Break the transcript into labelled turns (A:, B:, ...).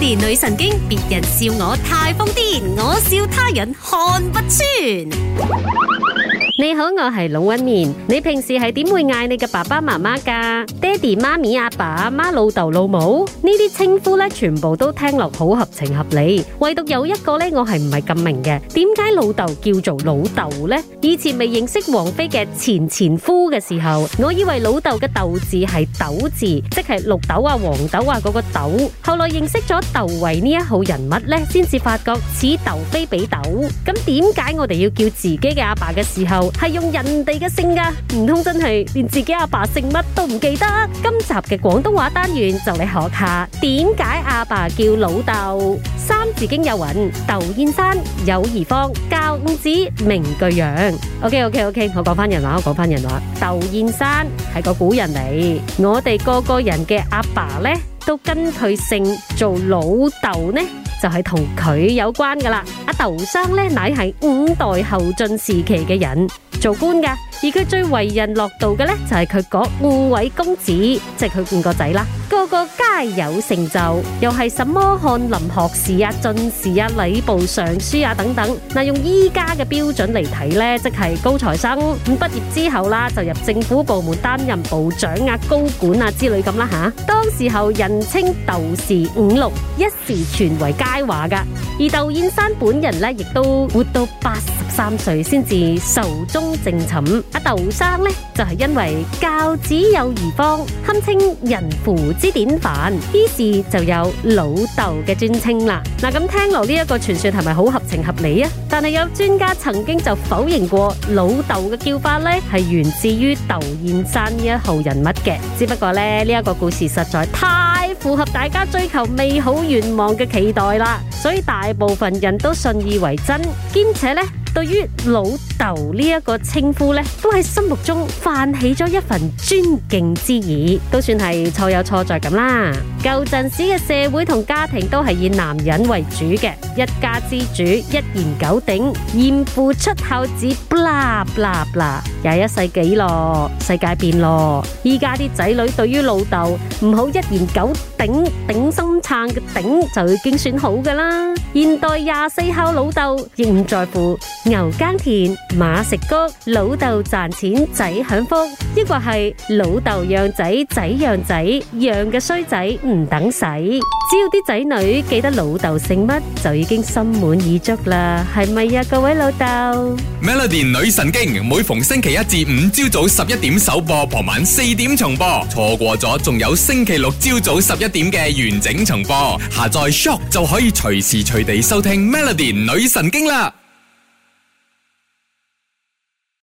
A: 連女神經，別人笑我太瘋癲，我笑他人看不穿。你好，我係龍紋敏。你平時係點會嗌你嘅爸爸媽媽噶？爹地、媽咪、阿爸、阿媽、老豆、老母呢啲稱呼呢，全部都聽落好合情合理。唯獨有一個呢，我係唔係咁明嘅。點解老豆叫做老豆呢？以前未認識王菲嘅前前夫嘅時候，我以為老豆嘅豆字係豆字，即係綠豆啊、黃豆啊嗰個豆。後來認識咗竇唯呢一號人物呢，先至發覺此豆非彼豆。咁點解我哋要叫自己嘅阿爸嘅時候？係用人哋嘅姓㗎，唔通真係連自己阿爸姓乜都唔記得？今集嘅廣東話單元就嚟學下點解阿爸叫老竇。三字經有云：竇燕山有義方，教五子名俱揚。OK OK OK，我講返人話，講返人話。竇燕山係個古人嚟，我哋個個人嘅阿爸呢，都跟佢姓做老豆呢，就係同佢有關㗎啦。阿竇生呢，乃係五代後晉時期嘅人，做官㗎。而佢最為人樂道嘅呢，就係佢嗰五位公子，即係佢五個仔啦。個個皆有成就，又係什麼翰林學士啊、進士啊、禮部尚書啊等等。嗱，用依家嘅標準嚟睇咧，即係高材生。咁畢業之後啦，就入政府部門擔任部長啊、高管啊之類咁啦吓。當時候人稱竇氏五六，一時傳為佳話噶。而竇燕山本人咧，亦都活到八十三歲先至壽終正寢。阿竇生咧，就係因為教子有義方，堪稱人父。之典範，於是就有老豆嘅尊稱啦。嗱，咁聽落呢一個傳説係咪好合情合理啊？但係有專家曾經就否認過老豆嘅叫法呢係源自於竇燕山呢一號人物嘅。只不過呢，呢、這、一個故事實在太符合大家追求美好願望嘅期待啦，所以大部分人都信以為真，兼且呢，對於老豆呢一個稱呼呢都喺心目中泛起咗一份尊敬之意，都算係錯有錯在咁啦。舊陣時嘅社會同家庭都係以男人為主嘅，一家之主一言九鼎，嚴父出孝子，不啦不啦啦。廿一世紀咯，世界變咯，依家啲仔女對於老豆唔好一言九鼎，頂心撐嘅頂就已經算好噶啦。現代廿四孝老豆亦唔在乎。牛耕田，馬食穀，老豆賺錢，仔享福。抑或係老豆養仔，仔養仔，養嘅衰仔唔等使。只要啲仔女記得老豆姓乜，就已經心滿意足啦。係咪呀，各位老豆？Melody 女神經，每逢星期一至五朝早十一點首播，傍晚四點重播。錯過咗，仲有星期六朝早十一點嘅完整重播。下載 Shock 就可以隨時隨地收聽 Melody 女神經啦。